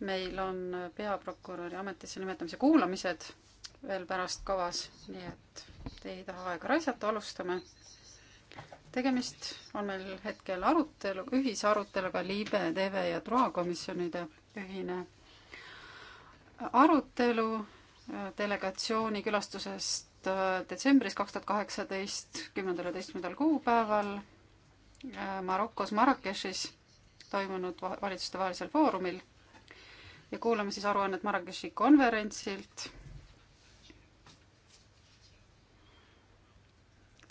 meil on peaprokuröri ametisse nimetamise kuulamised veel pärast kavas, nii et te ei taha aega raisata, alustame. tegemist on meil hetkel arutelu, ühisaruteluga Liibe, TV ja Troa komisjonide ühine arutelu äh, delegatsiooni külastusest äh, detsembris kaks tuhat kaheksateist, kümnendal ja teistkümnendal kuupäeval Äh, Marokos Marrakechis toimunud valitsustevahelisel foorumil ja kuulame siis aruannet Marrakechi konverentsilt.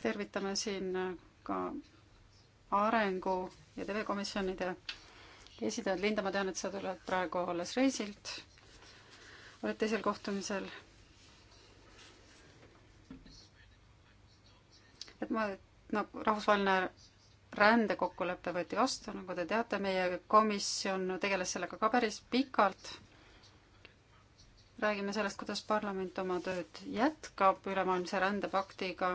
tervitame siin äh, ka arengu ja TV komisjonide esindajad. Linda, ma tean, et sa tuled praegu alles reisilt, oled teisel kohtumisel. et ma, et no rahvusvaheline rändekokkulepe võeti vastu, nagu te teate, meie komisjon tegeles sellega ka päris pikalt. räägime sellest, kuidas parlament oma tööd jätkab ülemaailmse rändepaktiga,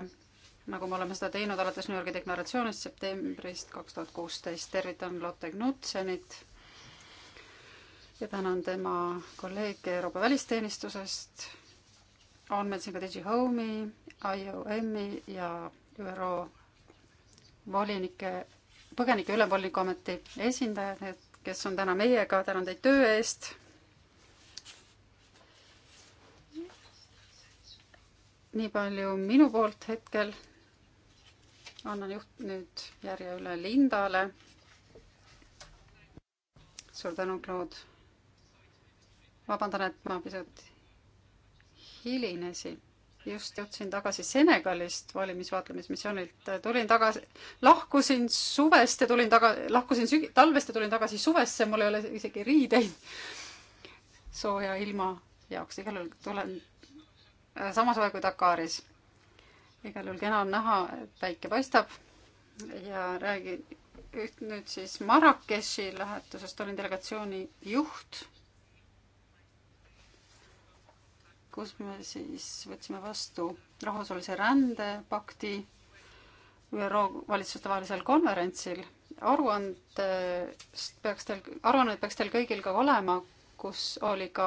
nagu me oleme seda teinud alates New Yorgi deklaratsioonist septembrist kaks tuhat kuusteist. tervitan Lotte Knutsenit ja tänan tema kolleege Euroopa välisteenistusest. on meil siin ka DigiHome'i, IOM-i ja ÜRO volinike, põgenike ülemvoliniku ameti esindajad, kes on täna meiega, tänan teid töö eest. nii palju minu poolt hetkel. annan juht nüüd järje üle Lindale. suur tänu, Claude. vabandan, et ma pisut hilinesin just jõudsin tagasi Senegalist valimisvaatlemismissioonilt, tulin tagasi, lahkusin suvest ja tulin taga, lahkusin sügi-, talvest ja tulin tagasi suvesse, mul ei ole isegi riideid sooja ilma jaoks, igal juhul tulen äh, sama soe kui Dakaris. igal juhul kena on näha, et päike paistab ja räägin nüüd siis Marrakechi lähetusest, olin delegatsiooni juht kus me siis võtsime vastu rahvusvahelise rändepakti ÜRO valitsustevahelisel konverentsil. aruandest peaks teil, aruannet peaks teil kõigil ka olema, kus oli ka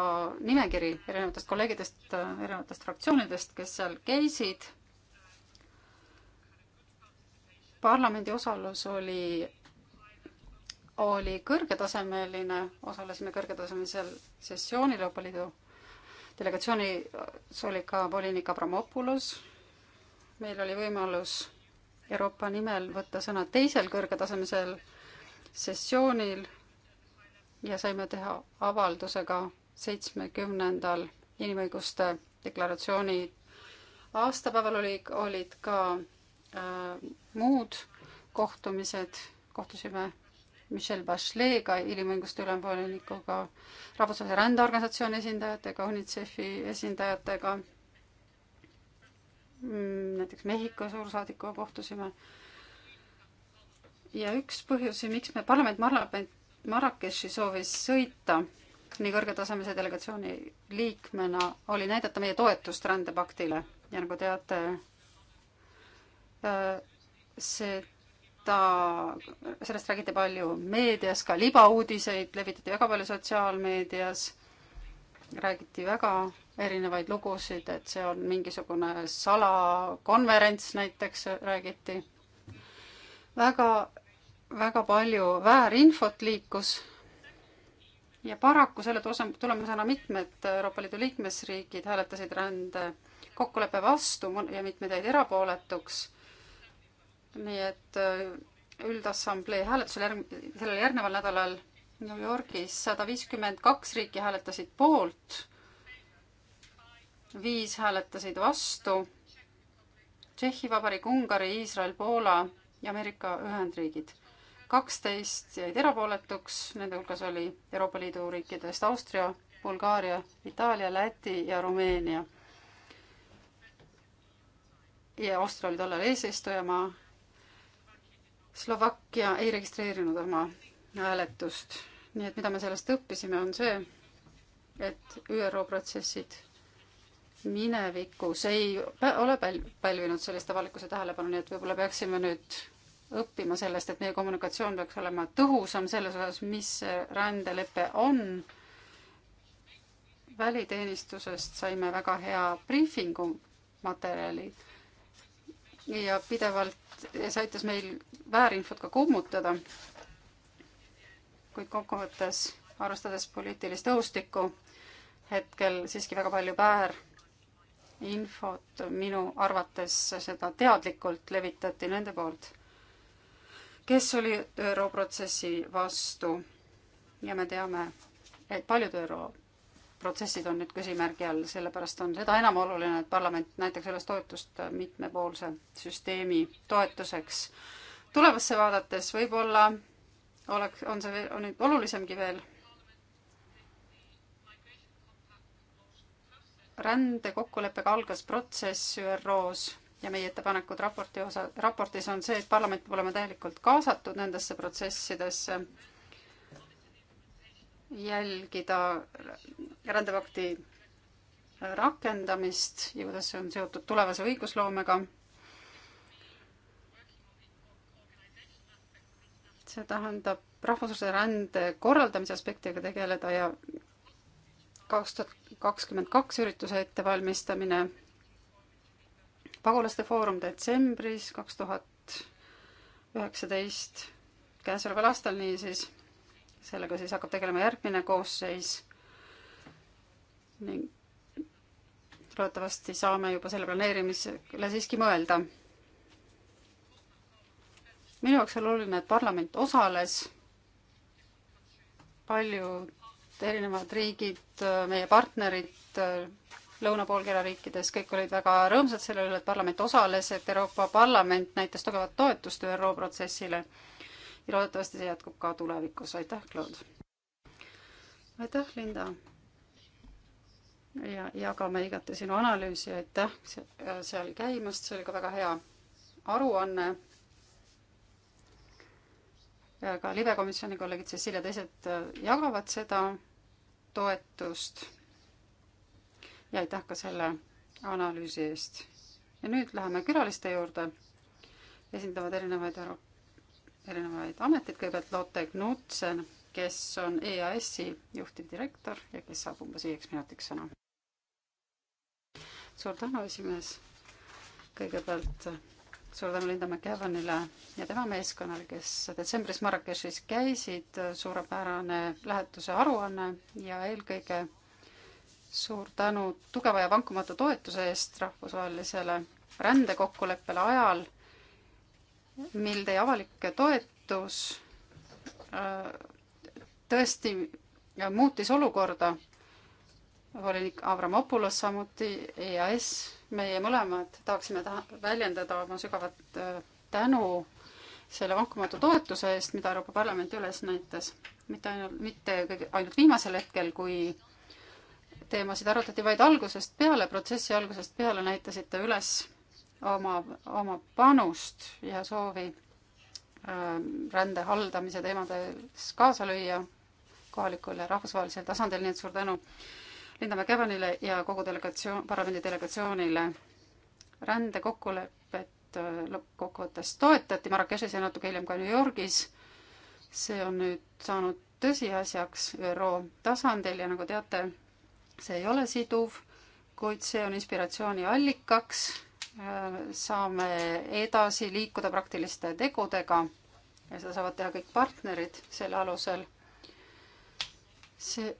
nimekiri erinevatest kolleegidest, erinevatest fraktsioonidest, kes seal käisid. parlamendi osalus oli, oli kõrgetasemeline, osalesime kõrgetasemelisel sessioonil Euroopa Liidu delegatsioonis oli ka volinik Abramopoulos. meil oli võimalus Euroopa nimel võtta sõna teisel kõrgetasemel sessioonil ja saime teha avalduse ka seitsmekümnendal inimõiguste deklaratsiooni aastapäeval oli, olid ka äh, muud kohtumised, kohtusime Michel Bachelet'ga, inimõiguste ülemvolinikuga, Rahvusvahelise Rändeorganisatsiooni esindajatega, UNICEF-i esindajatega, mm, näiteks Mehhiko suursaadikuga kohtusime. ja üks põhjusi, miks me parlament Marla-, Marrakechi soovis sõita nii kõrgetasemelise delegatsiooni liikmena, oli näidata meie toetust rändepaktile ja nagu teate, äh, see kohta, sellest räägiti palju meedias, ka libauudiseid levitati väga palju sotsiaalmeedias. räägiti väga erinevaid lugusid, et see on mingisugune salakonverents näiteks räägiti. väga, väga palju väärinfot liikus. ja paraku selle tulemusena mitmed Euroopa Liidu liikmesriigid hääletasid rände kokkuleppe vastu ja mitmed jäid erapooletuks nii et äh, üldassamblee hääletusel järg-, sellel järgneval nädalal New Yorgis sada viiskümmend kaks riiki hääletasid poolt, viis hääletasid vastu, Tšehhi Vabariik, Ungari, Iisrael, Poola ja Ameerika Ühendriigid. kaksteist jäid erapooletuks, nende hulgas oli Euroopa Liidu riikidest Austria, Bulgaaria, Itaalia, Läti ja Rumeenia. ja Austria oli tollal eesistujamaa Slovakkia ei registreerinud oma hääletust, nii et mida me sellest õppisime, on see, et ÜRO protsessid minevikus ei ole päl-, pälvinud sellist avalikkuse tähelepanu, nii et võib-olla peaksime nüüd õppima sellest, et meie kommunikatsioon peaks olema tõhusam selles osas, mis rändelepe on. väliteenistusest saime väga hea briifingu materjali ja pidevalt ja see aitas meil väärinfot ka kummutada. kuid kokkuvõttes, arvestades poliitilist õhustikku, hetkel siiski väga palju väärinfot minu arvates seda teadlikult levitati nende poolt, kes oli ÜRO protsessi vastu. ja me teame, et paljud ÜRO protsessid on nüüd küsimärgi all, sellepärast on seda enam oluline, et parlament näitaks üles toetust mitmepoolse süsteemi toetuseks. tulevasse vaadates võib-olla oleks, on see veel, on nüüd olulisemgi veel. rändekokkuleppega algas protsess ÜRO-s ja meie ettepanekud raporti osa, raportis on see, et parlament peab olema täielikult kaasatud nendesse protsessidesse jälgida rändepakti rakendamist ja kuidas see on seotud tulevase õigusloomega. see tähendab rahvusvahelise rände korraldamise aspektiga tegeleda ja kaks tuhat kakskümmend kaks ürituse ettevalmistamine. pagulaste foorum detsembris kaks tuhat üheksateist, käesoleval aastal niisiis sellega siis hakkab tegelema järgmine koosseis ning loodetavasti saame juba selle planeerimisele siiski mõelda. minu jaoks oli oluline, et parlament osales, paljud erinevad riigid, meie partnerid lõunapoolkera riikides, kõik olid väga rõõmsad selle üle, et parlament osales, et Euroopa Parlament näitas tugevat toetust ÜRO protsessile ja loodetavasti see jätkub ka tulevikus. aitäh, Claude! aitäh, Linda! ja jagame igati sinu analüüsi, aitäh seal käimast, see oli ka väga hea aruanne. ka libekomisjoni kolleegid Cecil ja teised äh, jagavad seda toetust. ja aitäh ka selle analüüsi eest. ja nüüd läheme külaliste juurde. esindavad erinevaid Euroopa erinevaid ameteid, kõigepealt Lotte Knudsen, kes on EAS-i juhtivdirektor ja kes saab umbes viieks minutiks sõna. suur tänu, esimees. kõigepealt suur tänu Linda McEvanile ja tema meeskonnale, kes detsembris Marrakechis käisid, suurepärane lähetuse aruanne ja eelkõige suur tänu tugeva ja vankumatu toetuse eest rahvusvahelisele rändekokkuleppele ajal, mil teie avalik toetus äh, tõesti äh, muutis olukorda, volinik Avramopoulos samuti, EAS, meie mõlemad tahaksime taha, väljendada oma sügavat äh, tänu selle vankumatu toetuse eest, mida Euroopa Parlament üles näitas. mitte ainult, mitte kõige, ainult viimasel hetkel, kui teemasid arutati, vaid algusest peale, protsessi algusest peale näitasite üles oma, oma panust ja soovi äh, rände haldamise teemades kaasa lüüa kohalikul ja rahvusvahelisel tasandil, nii et suur tänu Linda McEvanile ja kogu delegatsioon, parlamendi delegatsioonile. rändekokkulepet äh, lõppkokkuvõttes toetati Marrakechis ja natuke hiljem ka New Yorgis. see on nüüd saanud tõsiasjaks ÜRO tasandil ja nagu teate, see ei ole siduv, kuid see on inspiratsiooni allikaks saame edasi liikuda praktiliste tegudega ja seda saavad teha kõik partnerid selle alusel. see,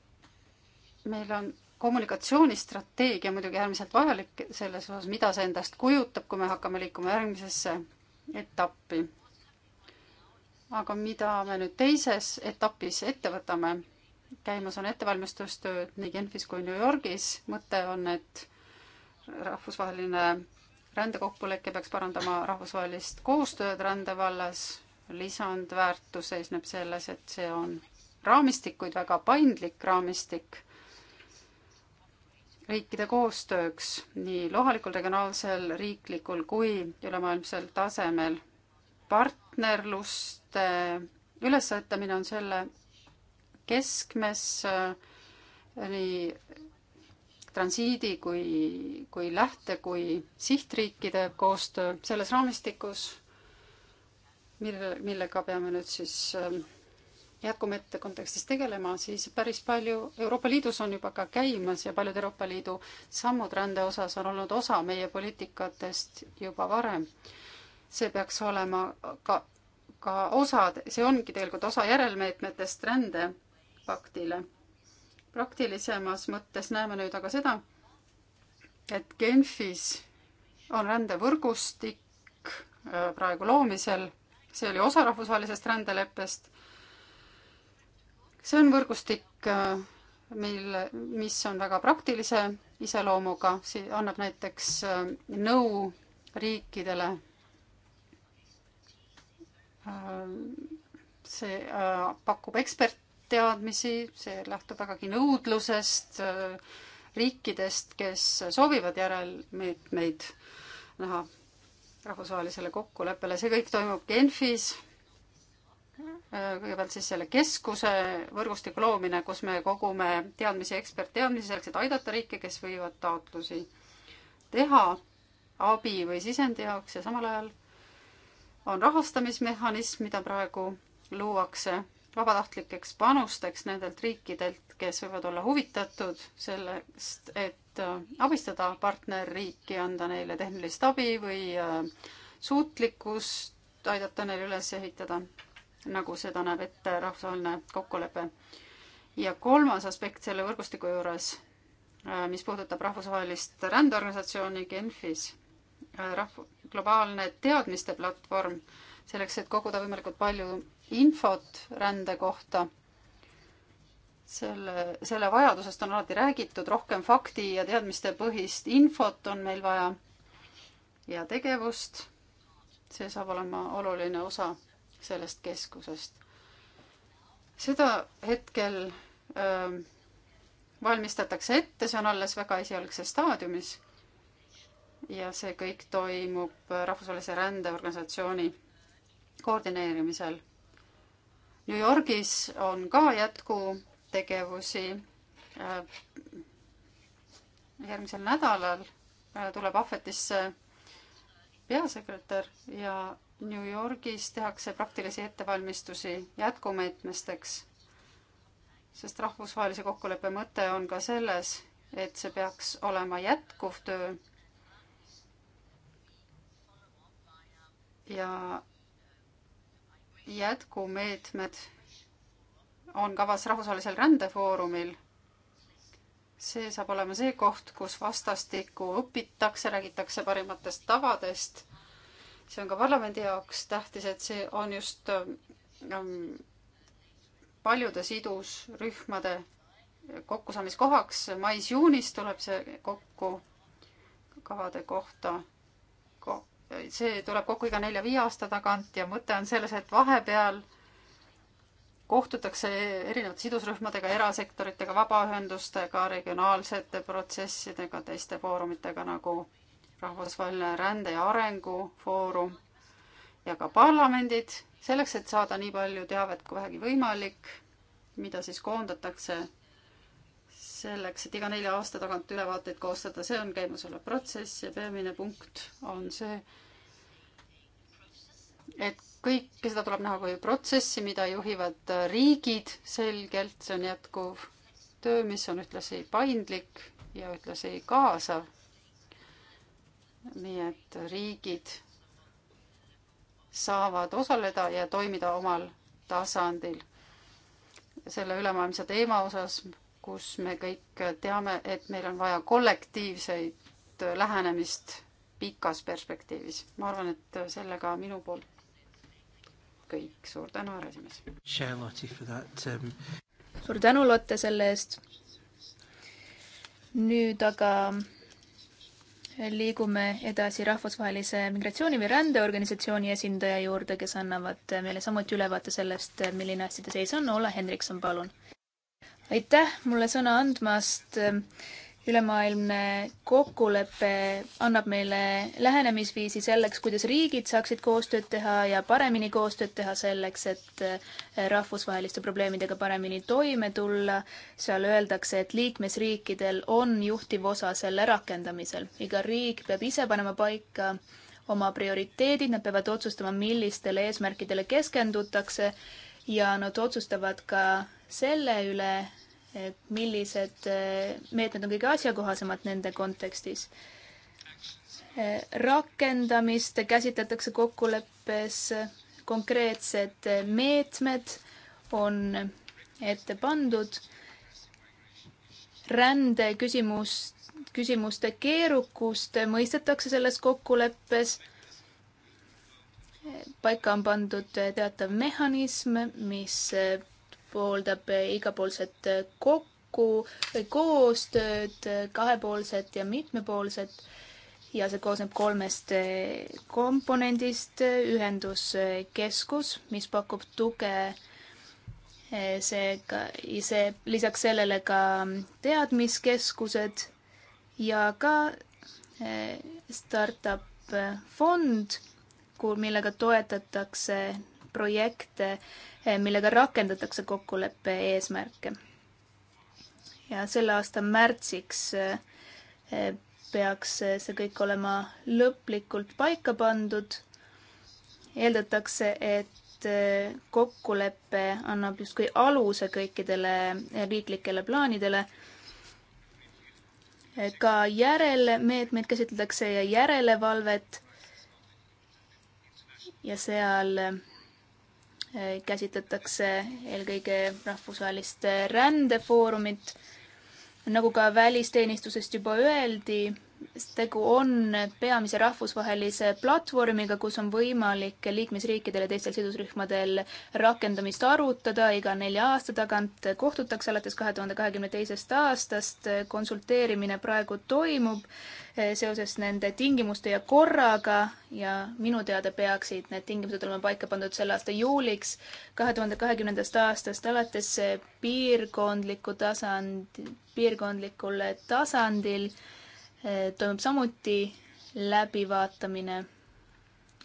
meil on kommunikatsioonistrateegia muidugi äärmiselt vajalik selles osas, mida see endast kujutab, kui me hakkame liikuma järgmisesse etappi. aga mida me nüüd teises etapis ette võtame? käimas on ettevalmistustööd nii Genfis kui New Yorgis. mõte on, et rahvusvaheline rändekokkulepe peaks parandama rahvusvahelist koostööd rände vallas, lisandväärtus seisneb selles, et see on raamistik, kuid väga paindlik raamistik riikide koostööks nii kohalikul, regionaalsel, riiklikul kui ülemaailmsel tasemel. partnerluste ülesehitamine on selle keskmes äh, nii transiidi kui, kui lähte, kui sihtriikide koostöö selles raamistikus, mille, millega peame nüüd siis ähm, jätkumete kontekstis tegelema, siis päris palju Euroopa Liidus on juba ka käimas ja paljud Euroopa Liidu sammud rände osas on olnud osa meie poliitikatest juba varem. see peaks olema ka, ka osad, see ongi tegelikult osa järelmeetmetest rändepaktile praktilisemas mõttes näeme nüüd aga seda, et Genfis on rändevõrgustik äh, praegu loomisel, see oli osa rahvusvahelisest rändeleppest. see on võrgustik, äh, mil, mis on väga praktilise iseloomuga, annab näiteks äh, nõu riikidele. see pakub ekspert, teadmisi, see lähtub vägagi nõudlusest, äh, riikidest, kes soovivad järelmeetmeid näha rahvusvahelisele kokkuleppele, see kõik toimub Genfis. Äh, kõigepealt siis selle keskuse võrgustiku loomine, kus me kogume teadmisi, ekspertteadmisi selleks, et aidata riike, kes võivad taotlusi teha abi või sisendi jaoks ja samal ajal on rahastamismehhanism, mida praegu luuakse vabatahtlikeks panusteks nendelt riikidelt, kes võivad olla huvitatud sellest, et äh, abistada partnerriiki, anda neile tehnilist abi või äh, suutlikkust aidata neil üles ehitada, nagu seda näeb ette rahvusvaheline kokkulepe. ja kolmas aspekt selle võrgustiku juures, äh, mis puudutab rahvusvahelist rändeorganisatsiooni Genfis, rahv-, globaalne teadmiste platvorm, selleks, et koguda võimalikult palju infot rände kohta. selle, selle vajadusest on alati räägitud, rohkem fakti ja teadmistepõhist infot on meil vaja ja tegevust. see saab olema oluline osa sellest keskusest. seda hetkel öö, ähm, valmistatakse ette, see on alles väga esialgses staadiumis. ja see kõik toimub Rahvusvahelise Rändeorganisatsiooni koordineerimisel New Yorgis on ka jätkutegevusi. Äh, järgmisel nädalal äh, tuleb ahvetisse peasekretär ja New Yorgis tehakse praktilisi ettevalmistusi jätkumeetmesteks, sest rahvusvahelise kokkuleppe mõte on ka selles, et see peaks olema jätkuv töö. ja jätkumeetmed on kavas rahvusvahelisel rändefoorumil. see saab olema see koht, kus vastastikku õpitakse, räägitakse parimatest tavadest. see on ka parlamendi jaoks tähtis, et see on just ähm, paljude sidusrühmade kokkusaamiskohaks. mais-juunis tuleb see kokku kavade kohta ko see tuleb kokku iga nelja-viie aasta tagant ja mõte on selles, et vahepeal kohtutakse erinevate sidusrühmadega, erasektoritega, vabaühendustega, regionaalsete protsessidega, teiste foorumitega nagu Rahvusvaheline Rände- ja Arengufoorum ja ka parlamendid, selleks, et saada nii palju teavet kui vähegi võimalik, mida siis koondatakse selleks, et iga nelja aasta tagant ülevaateid koostada, see on käimasolev protsess ja peamine punkt on see, et kõike seda tuleb näha kui protsessi, mida juhivad riigid selgelt, see on jätkuv töö, mis on ühtlasi paindlik ja ühtlasi kaasav. nii et riigid saavad osaleda ja toimida omal tasandil. selle ülemaailmse teema osas kus me kõik teame, et meil on vaja kollektiivseid lähenemist pikas perspektiivis. ma arvan, et sellega minu poolt kõik. suur tänu, härra esimees. Um, suur tänu, Lotte, selle eest. nüüd aga liigume edasi Rahvusvahelise Migratsiooni või Rändeorganisatsiooni esindaja juurde, kes annavad meile samuti ülevaate sellest, milline asjade seis on. Olle Henrikson, palun aitäh mulle sõna andmast. ülemaailmne kokkulepe annab meile lähenemisviisi selleks, kuidas riigid saaksid koostööd teha ja paremini koostööd teha selleks, et eh, rahvusvaheliste probleemidega paremini toime tulla. seal öeldakse, et liikmesriikidel on juhtiv osa selle rakendamisel. iga riik peab ise panema paika oma prioriteedid, nad peavad otsustama, millistele eesmärkidele keskendutakse ja nad otsustavad ka selle üle, millised eh, meetmed on kõige asjakohasemad nende kontekstis. Eh, rakendamist käsitletakse kokkuleppes, konkreetsed eh, meetmed on ette pandud. rände küsimus, küsimuste keerukust mõistetakse selles kokkuleppes paika on pandud teatav mehhanism, mis pooldab igapoolset kokku, koostööd, kahepoolset ja mitmepoolset ja see koosneb kolmest komponendist. ühenduskeskus, mis pakub tuge eh, seega ise, lisaks sellele ka teadmiskeskused ja ka eh, startup fond millega toetatakse projekte, millega rakendatakse kokkuleppe eesmärke. ja selle aasta märtsiks eh, peaks see kõik olema lõplikult paika pandud. eeldatakse, et eh, kokkulepe annab justkui aluse kõikidele eh, riiklikele plaanidele. ka järelmeetmeid käsitletakse ja järelevalvet ja seal äh, käsitletakse eelkõige rahvusvahelist rändefoorumit. nagu ka välisteenistusest juba öeldi, tegu on peamise rahvusvahelise platvormiga, kus on võimalik liikmesriikidel ja teistel sidusrühmadel rakendamist arutada, iga nelja aasta tagant kohtutakse alates kahe tuhande kahekümne teisest aastast, konsulteerimine praegu toimub eh, seoses nende tingimuste ja korraga ja minu teada peaksid need tingimused olema paika pandud selle aasta juuliks. kahe tuhande kahekümnendast aastast alates eh, piirkondliku tasand, piirkondlikul tasandil Eh, toimub samuti läbivaatamine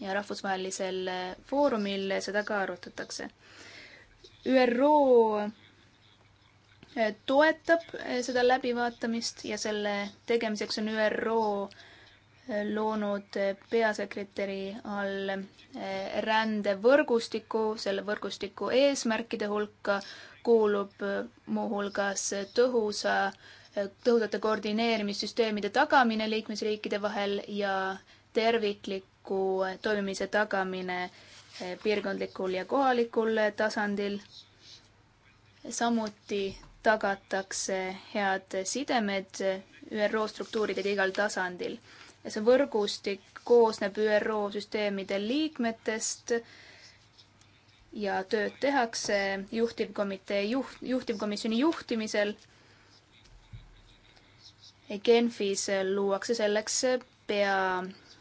ja rahvusvahelisel eh, foorumil seda ka arutatakse. ÜRO eh, toetab seda läbivaatamist ja selle tegemiseks on ÜRO loonud peasekretäri all rändevõrgustiku, selle võrgustiku eesmärkide hulka kuulub muuhulgas tõhusa tõhusate koordineerimissüsteemide tagamine liikmesriikide vahel ja tervikliku toimimise tagamine eh, piirkondlikul ja kohalikul tasandil. samuti tagatakse head sidemed ÜRO struktuuridega igal tasandil. ja see võrgustik koosneb ÜRO süsteemide liikmetest ja tööd tehakse juhtivkomitee juht, juhtivkomisjoni juhtimisel Genfis luuakse selleks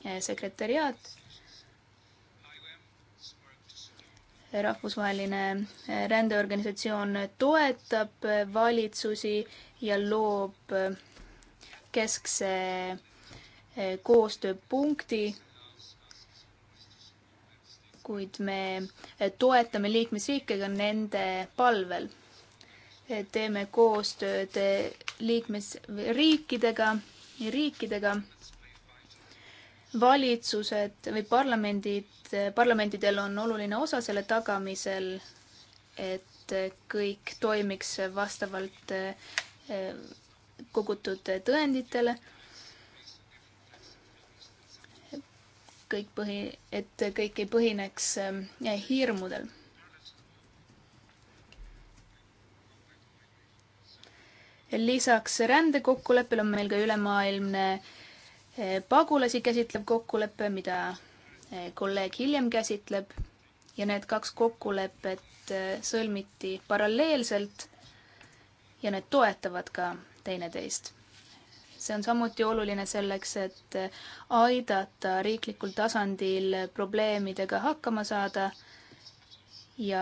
peasekretäriaat. rahvusvaheline rändeorganisatsioon toetab valitsusi ja loob keskse koostööpunkti kuid me toetame liikmesriike ka nende palvel. teeme koostööd liikmesriikidega, riikidega. valitsused või parlamendid, parlamentidel on oluline osa selle tagamisel, et kõik toimiks vastavalt eh, kogutud tõenditele kõik põhi, et kõik ei põhineks eh, hirmudel. lisaks rändekokkuleppele on meil ka ülemaailmne eh, pagulasi käsitlev kokkulepe, mida eh, kolleeg hiljem käsitleb ja need kaks kokkulepet eh, sõlmiti paralleelselt ja need toetavad ka teineteist. see on samuti oluline selleks, et aidata riiklikul tasandil probleemidega hakkama saada ja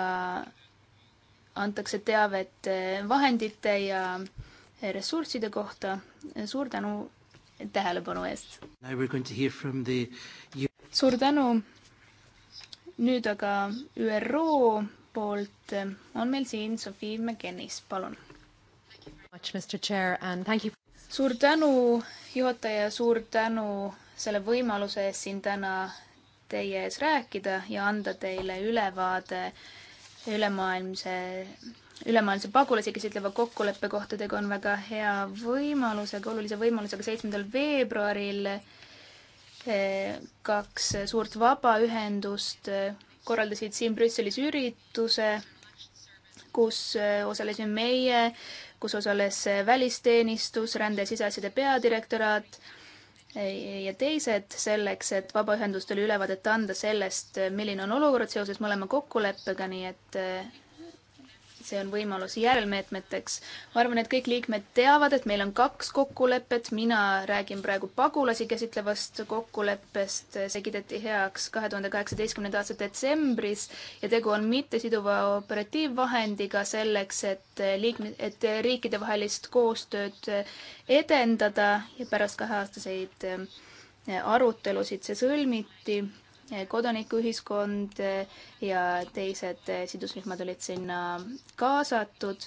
antakse teavet vahendite ja ressursside kohta. suur tänu tähelepanu eest! The... suur tänu! nüüd aga ÜRO poolt on meil siin Sophie McKennis, palun. suur tänu, juhataja, suur tänu selle võimaluse eest siin täna teie ees rääkida ja anda teile ülevaade ülemaailmse ülemaailmse pagulasega esitleva kokkuleppe kohta, tegu on väga hea võimalusega, olulise võimalusega seitsmendal veebruaril eh, kaks suurt vabaühendust eh, korraldasid siin Brüsselis ürituse, kus eh, osalesime meie, kus osales välisteenistus, rände ja siseasjade peadirektoraat ja teised selleks, et vabaühendustele ülevaadet anda sellest, milline on olukord seoses mõlema kokkuleppega, nii et see on võimalus järelmeetmeteks. ma arvan, et kõik liikmed teavad, et meil on kaks kokkulepet, mina räägin praegu pagulasi käsitlevast kokkuleppest, see kiideti heaks kahe tuhande kaheksateistkümnenda aasta detsembris ja tegu on mittesiduva operatiivvahendiga selleks, et liikme, et riikidevahelist koostööd edendada ja pärast kaheaastaseid arutelusid see sõlmiti Eh, kodanikuühiskond eh, ja teised eh, sidusrühmad olid sinna kaasatud.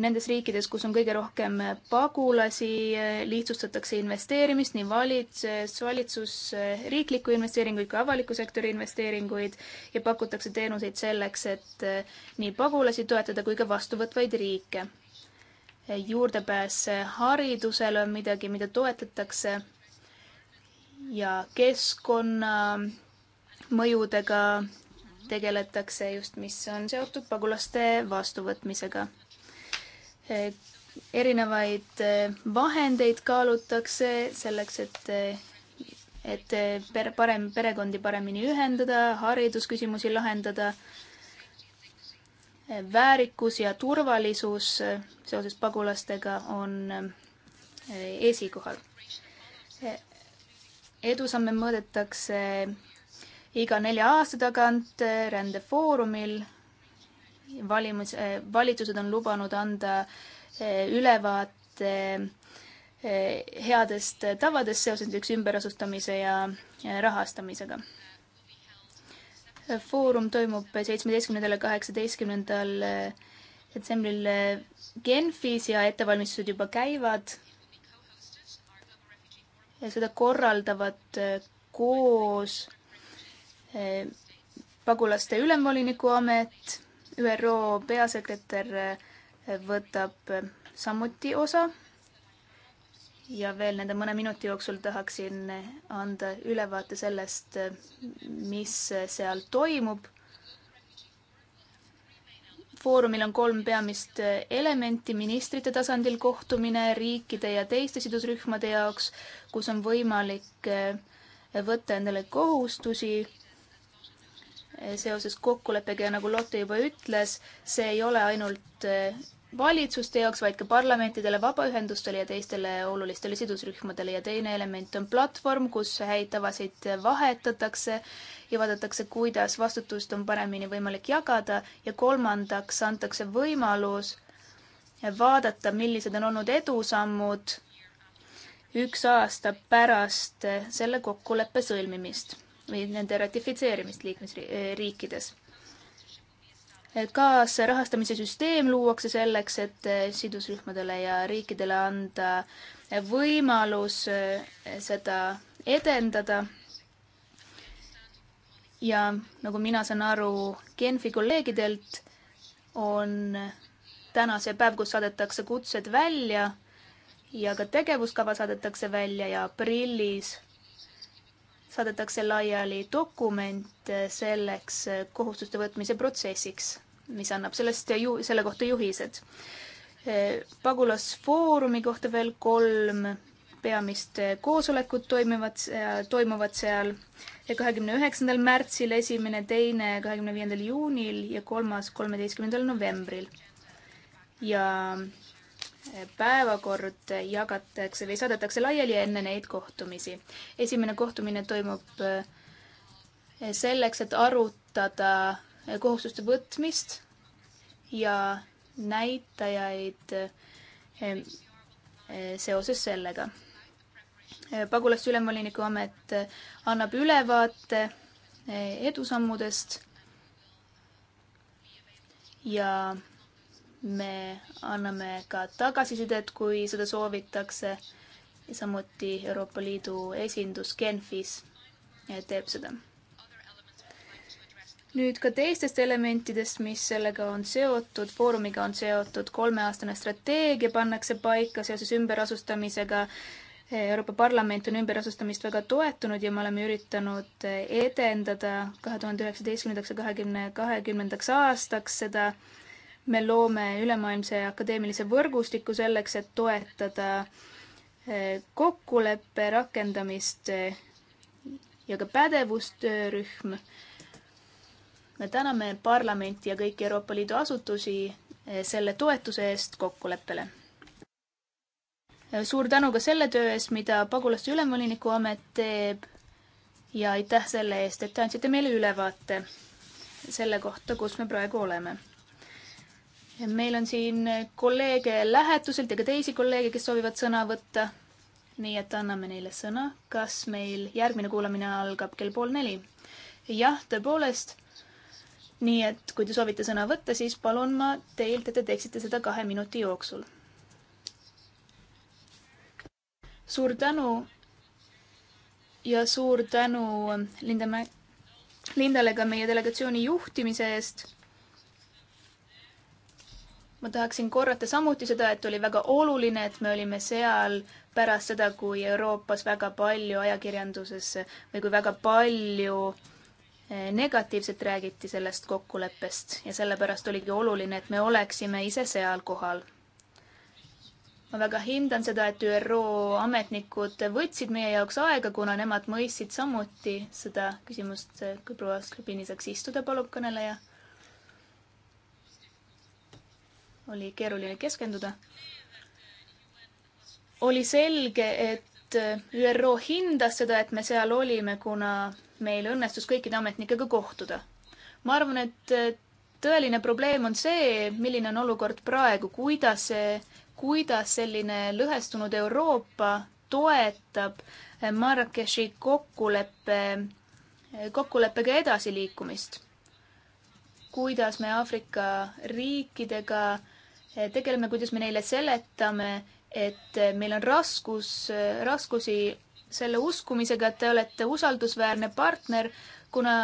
Nendes riikides, kus on kõige rohkem pagulasi, lihtsustatakse investeerimist, nii valitsus, valitsus, riiklikku investeeringuid kui avaliku sektori investeeringuid ja pakutakse teenuseid selleks, et nii pagulasi toetada kui ka vastuvõtvaid riike. juurdepääs haridusele on midagi, mida toetatakse ja keskkonna mõjudega tegeletakse just, mis on seotud pagulaste vastuvõtmisega. erinevaid vahendeid kaalutakse selleks, et, et per-, parem, perekondi paremini ühendada, haridusküsimusi lahendada, väärikus ja turvalisus seoses pagulastega on esikohal edusamme mõõdetakse iga nelja aasta tagant eh, rändefoorumil. valimis, eh, valitsused on lubanud anda eh, ülevaate headest tavadest seoses näiteks ümberasustamise ja rahastamisega. Foorum toimub seitsmeteistkümnendal ja kaheksateistkümnendal detsembril Genfis ja ettevalmistused juba käivad. ja seda korraldavad koos pagulaste ülemvoliniku amet, ÜRO peasekretär eh, võtab eh, samuti osa. ja veel nende mõne minuti jooksul tahaksin anda ülevaate sellest, eh, mis seal toimub. Foorumil on kolm peamist elementi, ministrite tasandil kohtumine riikide ja teiste sidusrühmade jaoks, kus on võimalik võtta endale kohustusi seoses kokkuleppega ja nagu Lotte juba ütles, see ei ole ainult eh, valitsuste jaoks, vaid ka parlamentidele, vabaühendustele ja teistele olulistele sidusrühmadele ja teine element on platvorm, kus häid tavasid vahetatakse ja vaadatakse, kuidas vastutust on paremini võimalik jagada ja kolmandaks antakse võimalus vaadata, millised on olnud edusammud üks aasta pärast selle kokkuleppe sõlmimist või nende ratifitseerimist liikmesriikides. Eh, kaasrahastamise süsteem luuakse selleks, et eh, sidusrühmadele ja riikidele anda võimalus eh, seda edendada. ja nagu mina saan aru Genfi kolleegidelt, on täna see päev, kus saadetakse kutsed välja ja ka tegevuskava saadetakse välja ja aprillis saadetakse laiali dokument selleks kohustuste võtmise protsessiks, mis annab sellest ju, selle kohta juhised. pagulasfoorumi kohta veel kolm peamist koosolekut toimuvad, toimuvad seal kahekümne üheksandal märtsil, esimene, teine kahekümne viiendal juunil ja kolmas kolmeteistkümnendal novembril. ja päevakord jagatakse või saadetakse laiali enne neid kohtumisi. esimene kohtumine toimub eh, selleks, et arutada kohustuste võtmist ja näitajaid eh, seoses sellega. Eh, pagulaste ülemvoliniku amet annab ülevaate edusammudest ja me anname ka tagasisidet, kui seda soovitakse. samuti Euroopa Liidu esindus Genfis teeb seda. nüüd ka teistest elementidest, mis sellega on seotud, Foorumiga on seotud, kolmeaastane strateegia pannakse paika seoses ümberasustamisega. Euroopa Parlament on ümberasustamist väga toetanud ja me oleme üritanud edendada kahe tuhande üheksateistkümnendaks ja kahekümne, kahekümnendaks aastaks seda äh, me loome ülemaailmse akadeemilise võrgustiku selleks, et toetada eh, kokkuleppe rakendamist eh, ja ka pädevustöörühm. me täname parlamenti ja kõiki Euroopa Liidu asutusi eh, selle toetuse eest kokkuleppele. suur tänu ka selle töö eest, mida pagulaste ülemvoliniku amet teeb ja aitäh selle eest, et te andsite meile ülevaate selle kohta, kus me praegu oleme meil on siin kolleege lähetuselt ja ka teisi kolleege, kes soovivad sõna võtta. nii et anname neile sõna. kas meil järgmine kuulamine algab kell pool neli? jah, tõepoolest. nii et kui te soovite sõna võtta, siis palun ma teilt, et te teeksite seda kahe minuti jooksul. suur tänu ja suur tänu Linda Mä-, Lindale ka meie delegatsiooni juhtimise eest ma tahaksin korrata samuti seda, et oli väga oluline, et me olime seal pärast seda, kui Euroopas väga palju ajakirjanduses või kui väga palju eh, negatiivselt räägiti sellest kokkuleppest ja sellepärast oligi oluline, et me oleksime ise seal kohal. ma väga hindan seda, et ÜRO ametnikud võtsid meie jaoks aega, kuna nemad mõistsid samuti seda küsimust. kui proua Skribini saaks istuda, palub kõneleja oli keeruline keskenduda. oli selge, et ÜRO hindas seda, et me seal olime, kuna meil õnnestus kõikide ametnikega kohtuda. ma arvan, et tõeline probleem on see, milline on olukord praegu, kuidas see, kuidas selline lõhestunud Euroopa toetab Marrakechi kokkuleppe, kokkuleppega edasiliikumist kuidas me Aafrika riikidega tegeleme, kuidas me neile seletame, et meil on raskus, raskusi selle uskumisega, et te olete usaldusväärne partner, kuna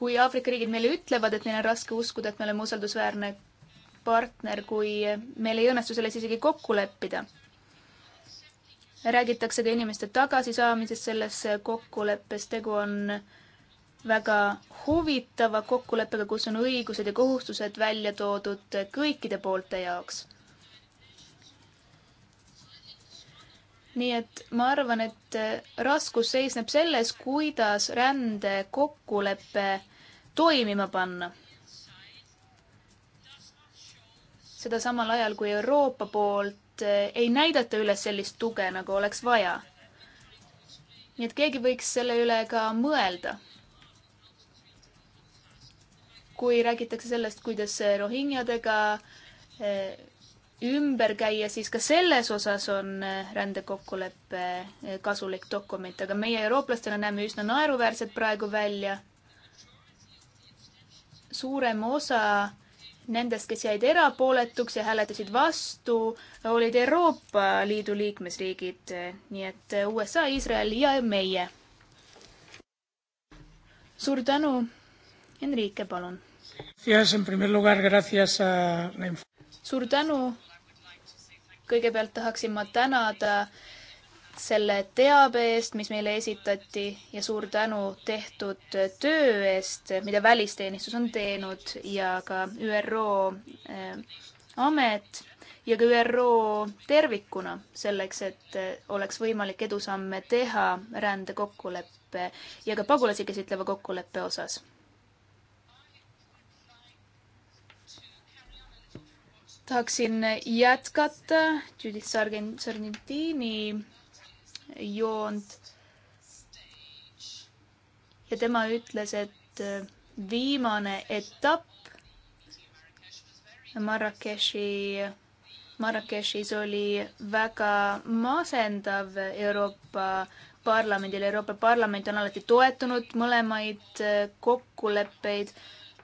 kui Aafrika riigid meile ütlevad, et neil on raske uskuda, et me oleme usaldusväärne partner, kui meil ei õnnestu selles isegi kokku leppida. räägitakse ka inimeste tagasisaamisest selles kokkuleppes, tegu on äh, väga huvitava kokkuleppega, kus on õigused ja kohustused välja toodud kõikide poolte jaoks. nii et ma arvan, et raskus seisneb selles, kuidas rändekokkulepe toimima panna. seda samal ajal, kui Euroopa poolt ei näidata üles sellist tuge, nagu oleks vaja. nii et keegi võiks selle üle ka mõelda kui räägitakse sellest, kuidas rohingjadega eh, ümber käia, siis ka selles osas on eh, rändekokkulepe eh, kasulik dokument, aga meie eurooplastena näeme üsna naeruväärsed praegu välja. suurem osa nendest, kes jäid erapooletuks ja hääletasid vastu, olid Euroopa Liidu liikmesriigid, nii et USA, Iisrael ja meie. suur tänu, Henrique, palun suur tänu. kõigepealt tahaksin ma tänada selle teabe eest, mis meile esitati ja suur tänu tehtud töö eest, mida välisteenistus on teinud ja ka ÜRO eh, amet ja ka ÜRO tervikuna selleks, et eh, oleks võimalik edusamme teha rändekokkuleppe ja ka pagulasi käsitleva kokkuleppe osas. tahaksin jätkata Judith Sargentini joont. ja tema ütles, et äh, viimane etapp Marrakechi, Marrakechis oli väga masendav Euroopa Parlamendil. Euroopa Parlament on alati toetanud mõlemaid äh, kokkuleppeid.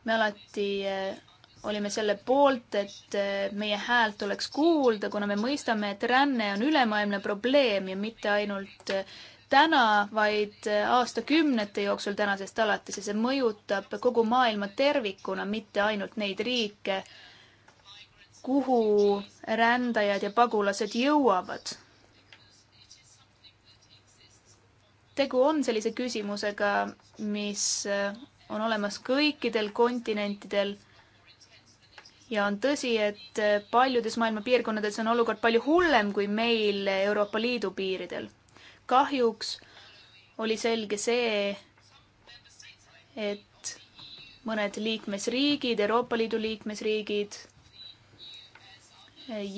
me alati äh, olime selle poolt, et eh, meie häält oleks kuulda, kuna me mõistame, et ränne on ülemaailmne probleem ja mitte ainult eh, täna, vaid eh, aastakümnete jooksul tänasest alates ja see mõjutab kogu maailma tervikuna, mitte ainult neid riike, kuhu rändajad ja pagulased jõuavad. tegu on sellise küsimusega, mis on olemas kõikidel kontinentidel ja on tõsi, et paljudes maailma piirkonnades on olukord palju hullem kui meil Euroopa Liidu piiridel. kahjuks oli selge see, et mõned liikmesriigid, Euroopa Liidu liikmesriigid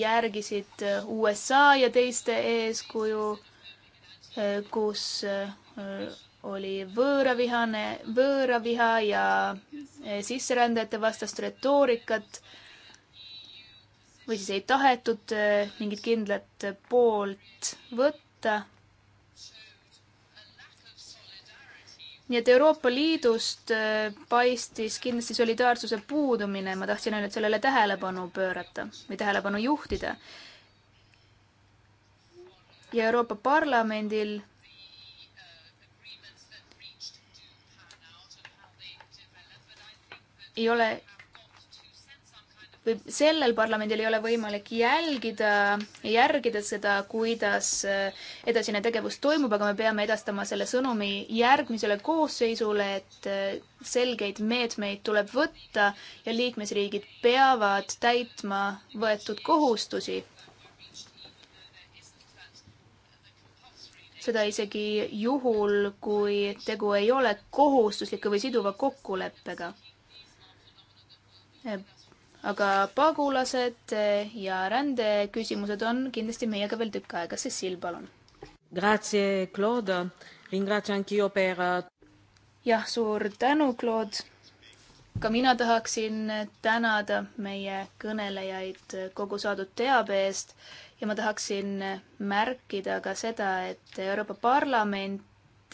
järgisid USA ja teiste eeskuju, kus oli võõravihane, võõraviha ja eh, sisserändajate vastast retoorikat või siis ei tahetud eh, mingit kindlat poolt võtta. nii et Euroopa Liidust eh, paistis kindlasti solidaarsuse puudumine, ma tahtsin ainult sellele tähelepanu pöörata või tähelepanu juhtida. ja Euroopa Parlamendil ei ole või sellel parlamendil ei ole võimalik jälgida, järgida seda, kuidas eh, edasine tegevus toimub, aga me peame edastama selle sõnumi järgmisele koosseisule, et eh, selgeid meetmeid tuleb võtta ja liikmesriigid peavad täitma võetud kohustusi. seda isegi juhul, kui tegu ei ole kohustusliku või siduva kokkuleppega aga pagulased eh, ja rändeküsimused on kindlasti meiega veel tükk aega. Cecil, palun. Grazie, Claude. Ringrazio anch'io per. jah, suur tänu, Claude. ka mina tahaksin tänada meie kõnelejaid kogu saadud teabe eest ja ma tahaksin märkida ka seda, et Euroopa Parlament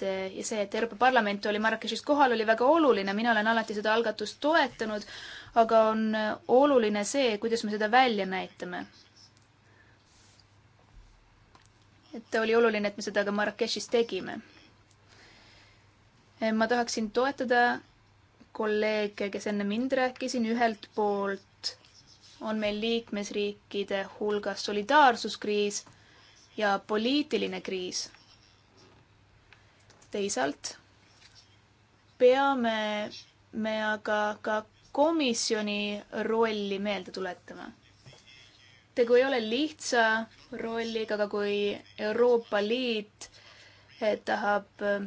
eh, ja see, et Euroopa Parlament oli Marrakechis kohal, oli väga oluline. mina olen alati seda algatust toetanud aga on oluline see, kuidas me seda välja näitame. et oli oluline, et me seda ka Marrakechis tegime. Eh, ma tahaksin toetada kolleege, kes enne mind rääkisin, ühelt poolt on meil liikmesriikide hulgas solidaarsuskriis ja poliitiline kriis. teisalt peame me aga ka komisjoni rolli meelde tuletama. tegu ei ole lihtsa rolliga, aga kui Euroopa Liit eh, tahab eh,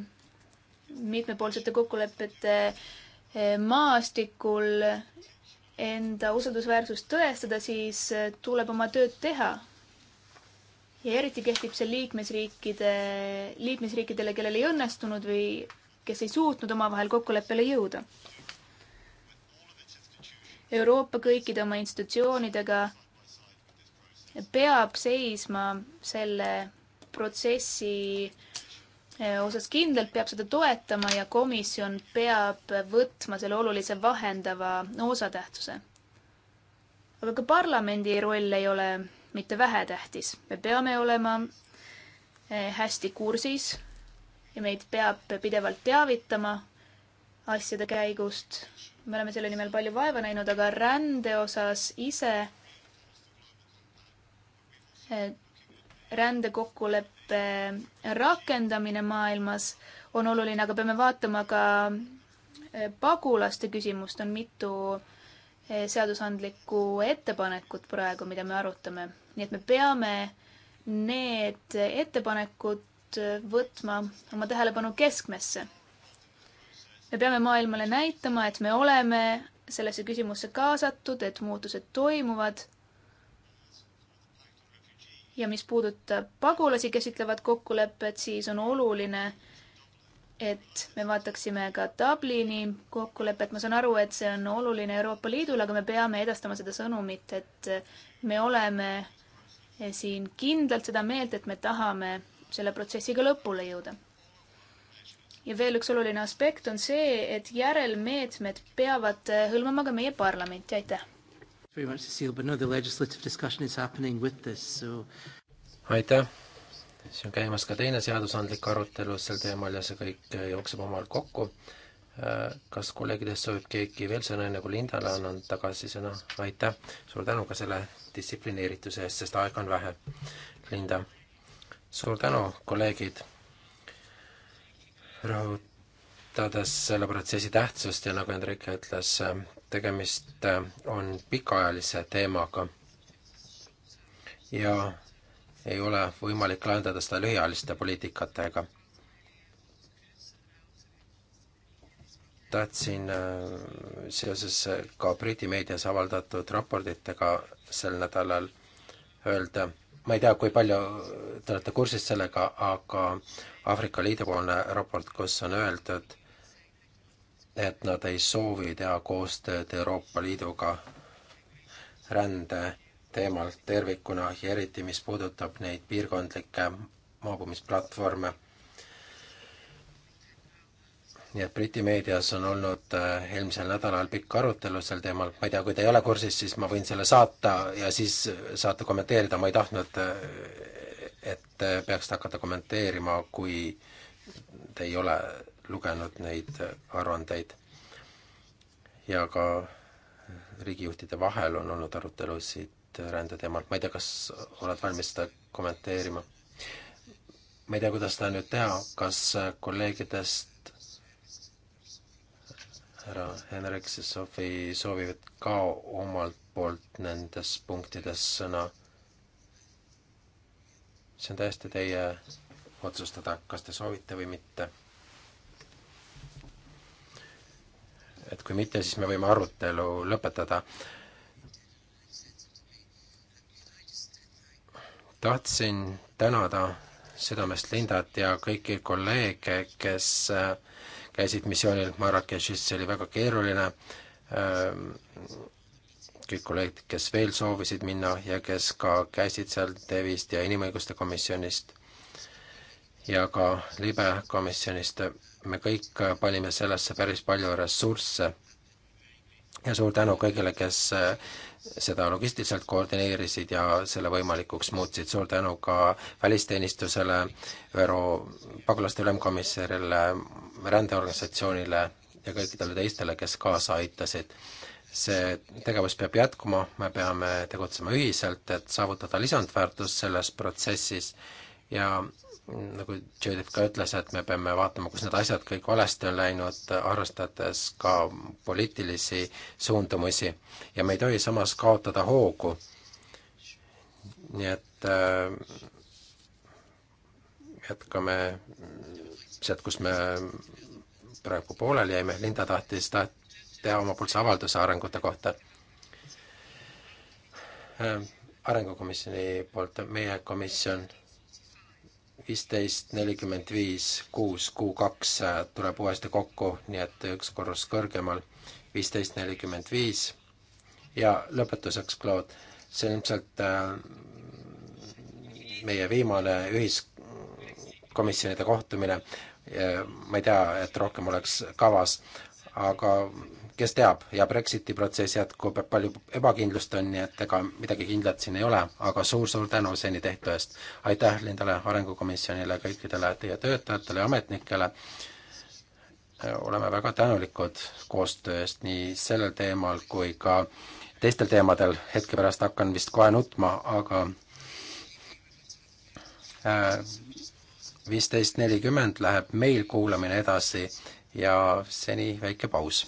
mitmepoolsete kokkulepete eh, maastikul enda usaldusväärsust tõestada, siis tuleb oma tööd teha. ja eriti kehtib see liikmesriikide, liikmesriikidele, kellel ei õnnestunud või kes ei suutnud omavahel kokkuleppele jõuda. Euroopa kõikide oma institutsioonidega peab seisma selle protsessi eh, osas kindlalt, peab seda toetama ja komisjon peab võtma selle olulise vahendava osatähtsuse. aga ka parlamendi roll ei ole mitte vähetähtis. me peame olema eh, hästi kursis ja meid peab pidevalt teavitama asjade käigust me oleme selle nimel palju vaeva näinud, aga rände osas ise eh, rändekokkuleppe rakendamine maailmas on oluline, aga peame vaatama ka eh, pagulaste küsimust, on mitu eh, seadusandlikku ettepanekut praegu, mida me arutame. nii et me peame need ettepanekud võtma oma tähelepanu keskmesse me peame maailmale näitama, et me oleme sellesse küsimusse kaasatud, et muutused toimuvad. ja mis puudutab pagulasi käsitlevat kokkulepet, siis on oluline, et me vaataksime ka Dublini kokkulepet. ma saan aru, et see on oluline Euroopa Liidule, aga me peame edastama seda sõnumit, et me oleme siin kindlalt seda meelt, et me tahame selle protsessiga lõpule jõuda ja veel üks oluline aspekt on see, et järelmeetmed peavad eh, hõlmama ka meie parlamenti, aitäh. aitäh, siin on käimas ka teine seadusandlik arutelu sel teemal ja see kõik eh, jookseb omavahel kokku. Eh, kas kolleegidest soovib keegi veel sõna, enne kui Lindale annan tagasi sõna? aitäh, suur tänu ka selle distsiplineerituse eest, sest aega on vähe. Linda, suur tänu, kolleegid rõhutades selle protsessi tähtsust ja nagu Hendrik ütles, tegemist on pikaajalise teemaga ja ei ole võimalik lahendada seda lühiajaliste poliitikatega. tahtsin äh, seoses ka Briti meedias avaldatud raportitega sel nädalal öelda ma ei tea, kui palju te olete kursis sellega, aga Aafrika Liidu poolne raport, kus on öeldud, et nad ei soovi teha koostööd Euroopa Liiduga rände teemal tervikuna ja eriti, mis puudutab neid piirkondlikke maabumisplatvorme nii et Briti meedias on olnud äh, eelmisel nädalal pikk arutelu sel teemal, ma ei tea, kui te ei ole kursis, siis ma võin selle saata ja siis saate kommenteerida, ma ei tahtnud, äh, et äh, peaksite hakata kommenteerima, kui te ei ole lugenud neid aruandeid. ja ka riigijuhtide vahel on olnud arutelusid rände teemal, ma ei tea, kas oled valmis seda kommenteerima? ma ei tea, kuidas seda nüüd teha, kas kolleegidest härra Henrik Sessovi soovivad ka omalt poolt nendes punktides sõna. see on täiesti teie otsustada, kas te soovite või mitte. et kui mitte, siis me võime arutelu lõpetada. tahtsin tänada südamest Lindat ja kõiki kolleege, kes äh, käisid missioonil Marrakechis, see oli väga keeruline, ähm, kõik kolleegid, kes veel soovisid minna ja kes ka käisid seal Devist ja Inimõiguste Komisjonist ja ka libe komisjonist, me kõik panime sellesse päris palju ressursse ja suur tänu kõigile, kes eh, seda logistiliselt koordineerisid ja selle võimalikuks muutsid, suur tänu ka välisteenistusele, ÜRO pagulaste ülemkomissarile, rändeorganisatsioonile ja kõikidele teistele, kes kaasa aitasid. see tegevus peab jätkuma, me peame tegutsema ühiselt, et saavutada lisandväärtus selles protsessis ja nagu Judith ka ütles, et me peame vaatama, kus need asjad kõik valesti on läinud, arvestades ka poliitilisi suundumusi ja me ei tohi samas kaotada hoogu. nii et äh, jätkame sealt, kus me praegu pooleli jäime, Linda tahtis ta teha omapoolse avalduse arengute kohta äh,. arengukomisjoni poolt meie komisjon viisteist nelikümmend viis kuus kuu kaks äh, tuleb uuesti kokku, nii et üks korrus kõrgemal, viisteist nelikümmend viis ja lõpetuseks, Claude, see on ilmselt äh, meie viimane ühiskomisjonide kohtumine, äh, ma ei tea, et rohkem oleks kavas, aga kes teab, ja Brexiti protsess jätkub, palju ebakindlust on, nii et ega midagi kindlat siin ei ole, aga suur-suur tänu seni tehtu eest. aitäh Lindale, Arengukomisjonile, kõikidele teie töötajatele ja ametnikele, oleme väga tänulikud koostöö eest nii sellel teemal kui ka teistel teemadel, hetke pärast hakkan vist kohe nutma, aga äh, viisteist nelikümmend läheb meil kuulamine edasi ja seni väike paus